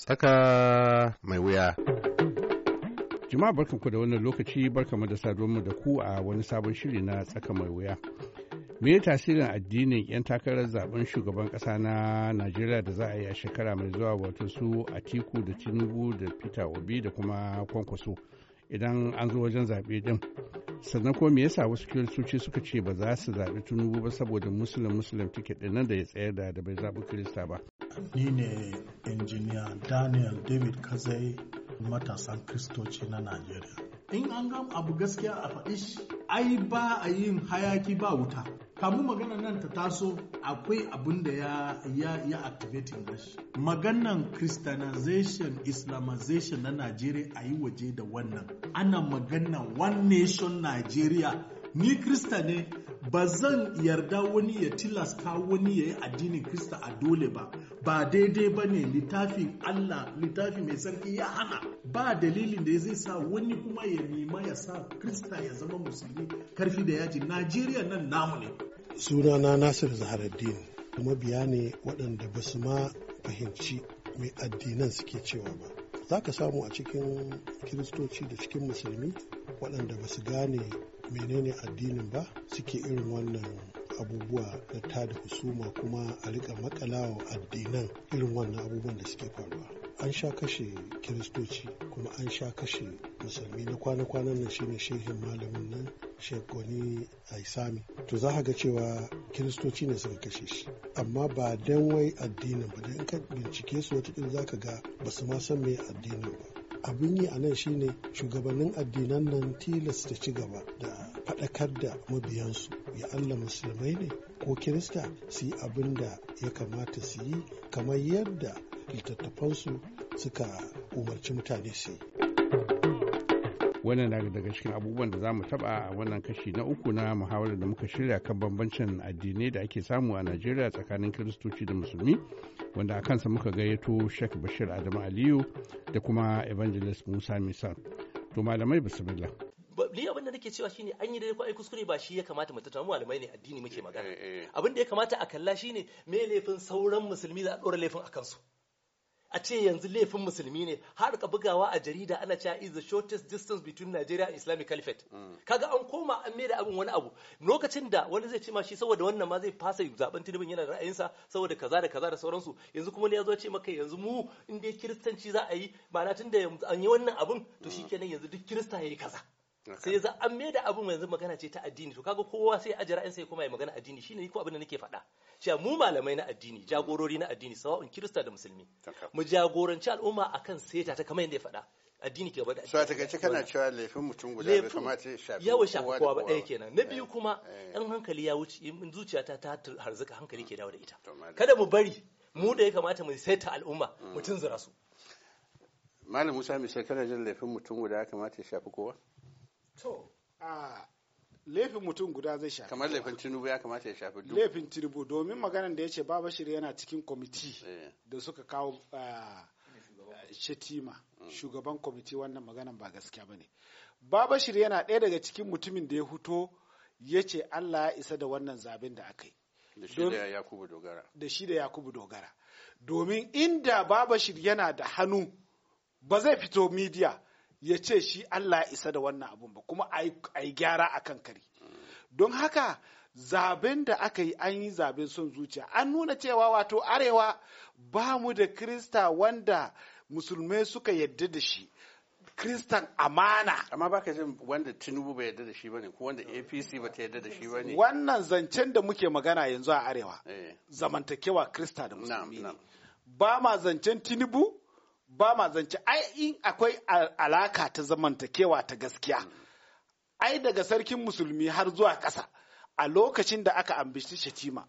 Tsaka mai wuya. Jama'a barkanku da wannan lokaci barkanmu da mu da ku a wani sabon shiri na tsaka mai wuya. Me tasirin addinin 'yan takarar zaben shugaban kasa na Najeriya da za a yi a shekara mai zuwa wato su a tiku da Tinubu da Peter Obi da kuma Kwankwaso idan an zo wajen zaɓe din. Sannan ko me yasa wasu kiristoci suka ce ba za su zaɓi Tinubu ba saboda musulun musulun tiket ɗin nan da ya tsayar da bai zaɓi Kirista ba. ni ne injiniya daniel david kazai matasan kristoci na najeriya in an ga abu gaskiya a faɗi shi ai ba a yin hayaki ba wuta kamu magana nan ta taso akwai abin da ya ya ya activating nashi maganan christianization islamization na najeriya a yi waje da wannan ana maganan one nation Nigeria. ni krista ne ba zan yarda wani ya tilasta wani ya yi addinin krista a dole ba ba daidai ba ne littafin allah littafi mai sarki ya hana ba dalilin da zai sa wani kuma ya nema ya sa krista ya zama musulmi karfi da yaji najeriya nan namu ne sunana nasir zaharaddin biya ne waɗanda ba su ma fahimci mai addinan suke cewa ba za ka samu a cikin kiristoci da cikin musulmi waɗanda ba su gane menene addinin ba suke irin wannan abubuwa na da husuma kuma a rika makalawa addinan irin wannan abubuwan da suke faruwa an sha kashe kiristoci kuma an sha kashe musulmi na kwana-kwanan nan shine shehin malamin nan shekoni aisami to za ka ga cewa kiristoci ne suka kashe shi amma ba dan wai addinin ba in ka bincike su wata za ka ga ba su ma san mai addinin ba abin yi a nan shine shugabannin addinan nan tilasta ci gaba da faɗakar da mabiyansu ya Allah musulmai ne ko kirista su yi abin da ya kamata su yi kamar yadda littattafansu suka umarci mutane su yi. wannan na daga cikin abubuwan da za mu taba a wannan kashi na uku na muhawarar da muka shirya kan bambancin addinai da ake samu a najeriya tsakanin kiristoci da musulmi wanda a kansa muka gayyato sheikh bashir adamu aliyu da kuma evangelist musa misal to malamai bismillah ni abin da nake cewa shine an yi dai ko ai kuskure ba shi ya kamata mu tattauna malamai ne addini muke magana eh, eh, eh. abin da ya kamata a kalla shine me laifin sauran musulmi da a dora laifin akan su a ce yanzu laifin musulmi ne har ka bugawa a jarida ana cewa is the shortest distance between Nigeria and Islamic Caliphate mm. kaga an koma an da abin wani abu lokacin da wani zai ce ma shi saboda wannan ma zai fasa zaben tunubin yana da sa saboda kaza da kaza da sauransu yanzu kuma ne ya ce maka yanzu mu in dai kiristanci za a yi tun tunda an yi wannan abin to mm. shikenan yanzu duk kirista yayi kaza sai za an mai da abin yanzu magana ce ta addini to kaga kowa sai a jira'in sai kuma ya magana addini shine ko abin da nake faɗa cewa mu malamai na addini jagorori na addini sawa'un kirista da musulmi mu jagoranci al'umma akan seta ta kamar yadda ya faɗa addini ke bada sai takaice kana cewa laifin mutum guda bai kamata ya shafi yawa shafi kowa ba ɗaya eh, kenan na biyu eh. kuma ɗan eh. hankali ya wuce in zuciyata ta harzuka hankali ke dawo da ita kada mu bari mu da ya kamata mu seta al'umma mu mm. tunzura su malam musa mai shekara jin laifin mutum guda ya kamata ya shafi kowa to a laifin mutum guda zai shafi kamar laifin tinubu ya kamata ya shafi duk laifin tinubu domin maganar da ya ce baba shirya yana cikin kwamiti eh. da suka kawo shetima mm. shugaban kwamiti wannan maganar ba gaskiya ba ne baba shirya yana ɗaya daga cikin mutumin da ya huto ya ce allah ya isa da wannan zaben da aka yi da shi da yakubu dogara domin inda baba shirya yana da hannu ba zai fito midiya ya ce shi Allah ya isa da wannan abun ba kuma a yi gyara a kan kari don haka zaben da aka yi an yi zaben son zuciya an nuna cewa wato arewa ba mu da krista wanda musulmai suka yadda da shi kristan amana amma ba ka wanda tinubu ba yadda da shi bane ko wanda apc ba ta yadda da shi bane wannan zancen da muke magana yanzu a arewa eh. zamantakewa krista da musulmi ba ma zancen tinubu ba ma zance ai in akwai alaka ta zamantakewa ta gaskiya ai daga sarkin musulmi har zuwa ƙasa a lokacin da aka ambishi shatima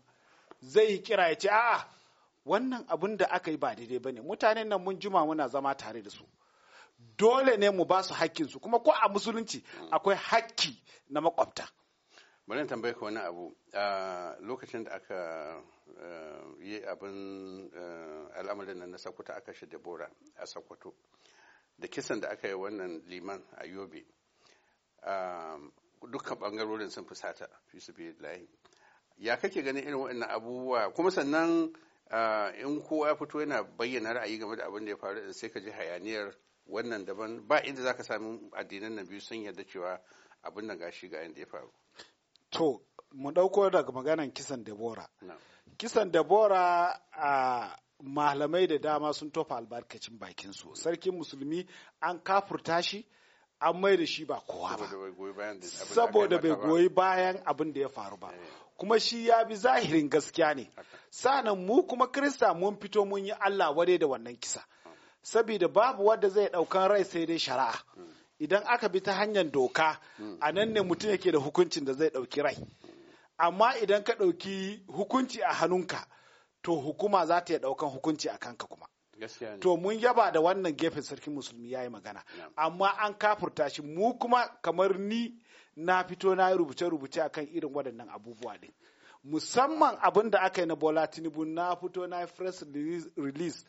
zai yi kira ya ce a'a wannan abin da aka yi ba daidai ba ne mutanen nan mun juma muna zama tare da su dole ne mu ba su hakkinsu kuma ko a musulunci akwai hakki na makwabta bari tambaye ka wani abu a lokacin da aka yi abin al'amarin nan na sakuta aka shi debora a sakwato da kisan da aka yi wannan liman a yobe dukkan bangarorin sun fusata fi su layi ya kake ganin irin waɗannan abubuwa kuma sannan in kowa ya fito yana bayyana ra'ayi game da abin da ya faru sai ka ji hayaniyar wannan daban ba inda za ka sami addinan na biyu sun yarda cewa abin da gashi ga yadda ya faru To, mu ɗauko daga maganan kisan Debora. Kisan Debora a malamai da dama sun tofa albarkacin bakinsu. Sarkin musulmi an kafurta shi, an mai da shi ba kowa ba. Saboda bai goyi bayan abin da ya faru ba. Eh. Kuma shi ya bi zahirin gaskiya ne. Sanan mu kuma Kirista mun fito mun yi Allah wadai da wannan kisa. Saboda babu wanda zai ɗaukan rai sai dai shari'a. Hmm. idan aka bi ta hanyar doka a nan ne mutum yake da hukuncin da zai ɗauki rai amma idan ka ɗauki hukunci a hannunka to hukuma za ta iya ɗaukan hukunci a kanka kuma to mun yaba da wannan gefen sarkin musulmi ya yi magana amma an kafurta shi mu kuma kamar ni na fito na rubuce-rubuce akan irin waɗannan abubuwa ɗin musamman abin da aka yi na bola tinubu na fito na press release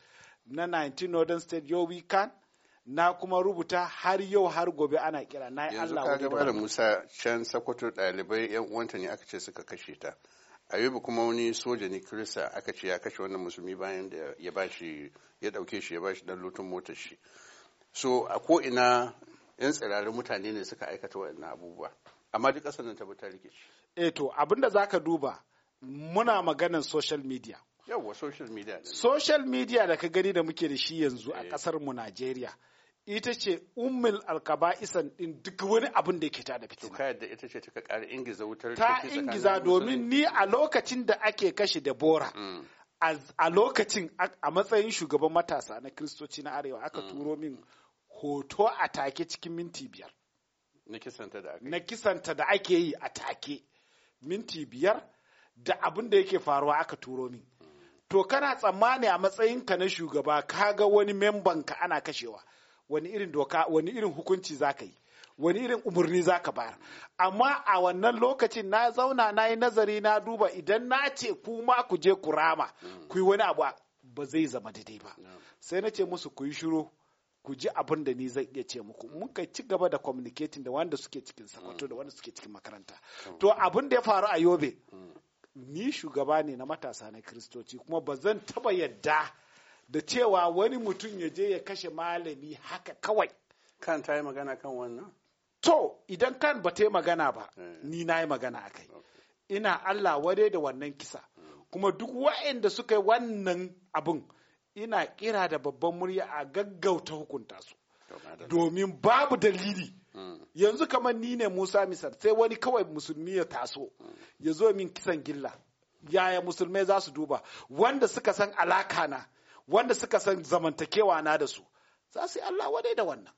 na 19 northern state yau weekend na kuma rubuta har yau har gobe ana kira na yi Allah wani daban. Yanzu Musa can Sokoto ɗalibai yan uwanta ne aka ce suka kashe ta. Ayubu kuma wani soja ne Kirista aka ce ya kashe wannan musulmi bayan da ya bashi ya dauke shi ya bashi dan lutun motar shi. So a ko ina yan tsirarin mutane ne suka aikata waɗannan abubuwa. Amma duk ƙasar nan ta bi ta rikici. Eh to abinda zaka duba muna maganan social media. Yawwa social media. Social media da ka gani da muke da shi yanzu a eh. ƙasarmu mu Najeriya. ita ce ummul alkaba'isan din duk wani abin da yake tada fitina ka yadda ita ce ta kare ingiza wutar ta ingiza domin ni a lokacin da ake kashe da bora mm. a lokacin a matsayin shugaban matasa na kristoci na arewa aka mm. turo min hoto a take cikin minti biyar na kisanta da ake yi a take minti biyar da abin da yake faruwa aka turo min mm. to kana tsammani a matsayinka na shugaba ka ga wani membanka ana kashewa wani irin doka wani irin hukunci za ka yi wani irin umarni za ka bayar amma a wannan lokacin na zauna na yi nazari na duba idan na ce kuma ku je ku rama ku yi wani abu ba zai zama daidai ba sai na ce musu ku yi shiru ku ji abin da ni zai iya ce muku kai ci gaba da communicating da wanda suke cikin sakwato da wanda suke cikin makaranta to abin da ya faru a yobe mm. ni shugaba ne na matasa na kristoci kuma ba zan taba yadda da cewa wani mutum ya je ya kashe malami haka kawai kan ta yi magana kan wannan to idan kan ba ta yi magana ba eh. ni na yi magana a kai ina allah ware da wannan kisa hmm. kuma duk wa'inda suka yi wannan abin ina kira da babban murya a gaggauta hukunta su domin babu dalili hmm. yanzu kamar ni ne musa misal sai wani kawai musulmi ya taso hmm. ya zo min kisan gilla yaya musulmai za su duba wanda suka san alaka na wanda suka san zamantakewa na da su za su yi Allah wadai da wannan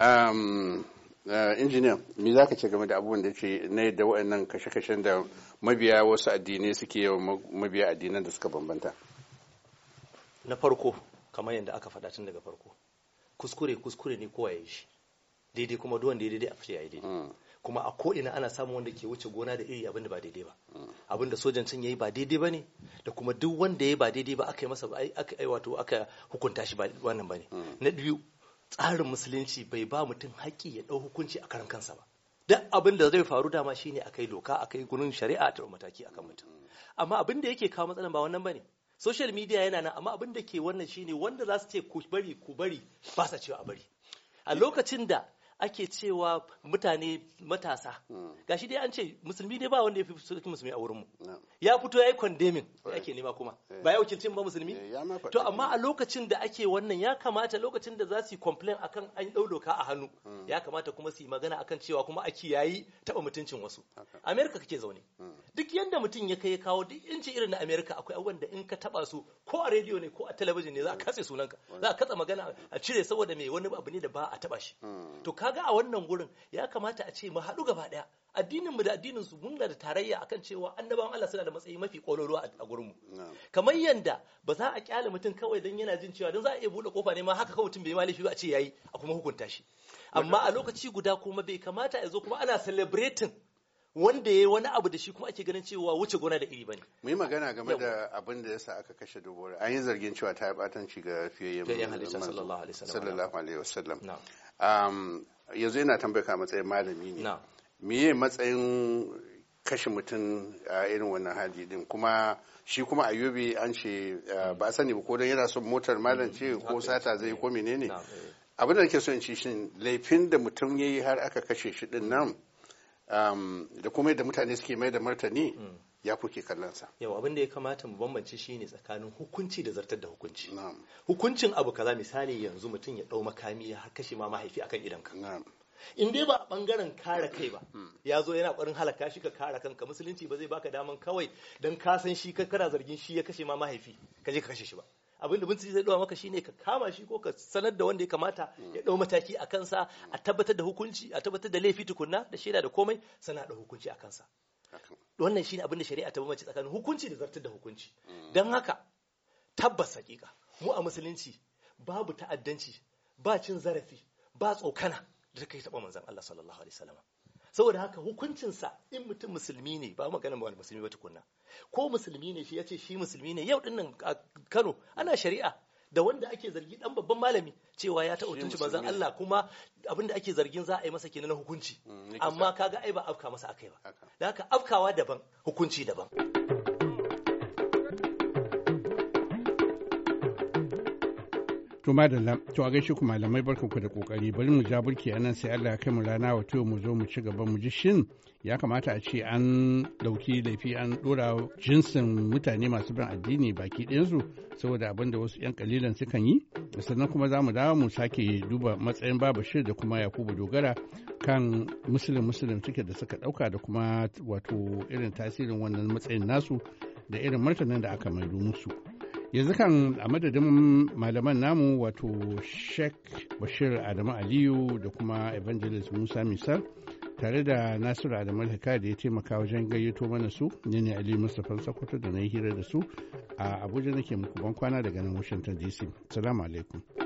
um, uh, injiniya me za ka ce game da abubuwan da ce na yadda waɗannan kashe-kashen da mabiya wasu addinai suke yawan mabiya addinan da suka bambanta na farko kamar yadda aka faɗa tun daga farko kuskure kuskure ne kowa ya shi daidai kuma duwan daidai a fashe ya yi daidai kuma a ko'ina ana samun wanda ke wuce gona da iri abinda ba daidai ba abinda sojan can yayi ba daidai ba ne da kuma duk wanda yi ba daidai ba aka yi masa aka wato aka hukunta shi ba wannan ba ne hmm. na biyu tsarin musulunci bai ba mutum haƙƙi ya ɗau hukunci a karan kansa ba duk abin da zai faru dama shine akai doka akai gurin shari'a ta mataki akan mutum hmm. amma abin da yake kawo matsalan ba wannan ba ne. social media yana nan amma abin da ke wannan ne wanda za su ce ku bari ku bari ba sa cewa a bari a eh. lokacin da ake cewa mutane matasa hmm. gashi dai an ce musulmi ne ba wanda ya fi sarkin musulmi a wurinmu ya fito ya yi kwandemin da ake nema kuma eh. ba ya wakilcin ba musulmi eh, to amma a lokacin da ake wannan ya kamata lokacin da za su yi complain akan an ɗau doka a hannu hmm. ya kamata kuma su yi magana akan cewa kuma a kiyayi taɓa mutuncin wasu amerika kake zaune hmm. duk yadda mutum ya kai kawo duk inci irin na amerika akwai abubuwan da in ka taɓa su ko a rediyo ne ko a talabijin ne za a katse sunanka za a katse magana a cire saboda mai wani abu ne da ba a taɓa shi to kaga a wannan gurin ya kamata a ce mu haɗu gaba ɗaya addinin mu da addinin su mun da tarayya akan cewa annabawan Allah suna da matsayi mafi kololo a gurin mu kamar yanda ba za a kyale mutum kawai dan yana jin cewa dan za a iya bude kofa ne ma haka kawai mutum bai ma ba a ce yayi a kuma hukunta shi amma a lokaci guda kuma bai kamata ya zo kuma ana celebrating wanda ya wani abu da shi kuma ake ganin cewa wuce gona da iri bane mu yi magana game da abin da yasa aka kashe dubura an yi zargin cewa ta yi batanci ga fiyayyen sallallahu alaihi wasallam um, yanzu yana tambaya ka matsayin malami ne meye matsayin kashe mutum a irin wannan hali din kuma shi kuma ayyubi an ce uh, mm. ba a sani ba ko don yana son motar malam mm, ce ko sata zai ko menene eh. abin da nake so in ci shin laifin da mutum ya yi har aka kashe shi din nan Um, da kuma yadda mutane suke mai da martani ya kuke kallon sa yau abin da ya kamata mu bambance ne tsakanin hukunci da zartar da hukunci hukuncin abu kaza misali yanzu mutum ya dau makami ya kashe ma mahaifi akan idan ka in dai ba bangaren kare kai ba hmm. ya zo yana ƙwarin halaka shi ka kare kanka musulunci ba zai baka daman kawai dan ka san shi ka kana zargin shi ya kashe ma mahaifi ka je ka kashe shi ba abinda bincike zai ɗora maka shine ka kama shi ko ka sanar da wanda ya kamata ya ɗau mataki a kansa a tabbatar da hukunci a tabbatar da laifi tukunna da shaida da komai sana da hukunci a kansa wannan shine abinda shari'a ta bambance tsakanin hukunci da zartar da hukunci mm. dan haka tabbas hakika mu a musulunci babu ta'addanci ba cin zarafi ba tsokana da ta kai taɓa manzon Allah sallallahu alaihi wasallam saboda haka hukuncinsa in mutum musulmi ne ba magana ba musulmi ba tukunna ko musulmi ne shi ya ce shi musulmi ne yau dinnan a Kano ana shari'a da wanda ake zargi dan babban malami cewa ya taɓa tunci manzon Allah kuma abinda ake zargin za a yi masa kenan na hukunci mm, amma kaga ai ba afka masa akai ba da haka afkawa daban hukunci daban To madalla, to a gaishe ku malamai ku da kokari bari mu ja burki a nan sai Allah ya kai mu rana wato mu zo mu ci gaba mu ji shin ya kamata a ce an dauki laifi an dora jinsin mutane masu bin addini baki ɗayansu saboda abin da wasu 'yan kalilan sukan yi sannan kuma za mu dawo mu sake duba matsayin babu shir da kuma yakubu dogara kan musulun musulun suke da suka dauka da kuma wato irin tasirin wannan matsayin nasu da irin martanin da aka maido musu. yanzu kan a madadin malaman namu wato sheikh bashir adamu aliyu da kuma evangelist musa misal tare da nasiru adamu alhaka da ya taimaka wajen gayyato mana su ne ne ali mustapha sakwato da na yi hira da su a abuja nake muku ban kwana daga nan washington dc salamu alaikum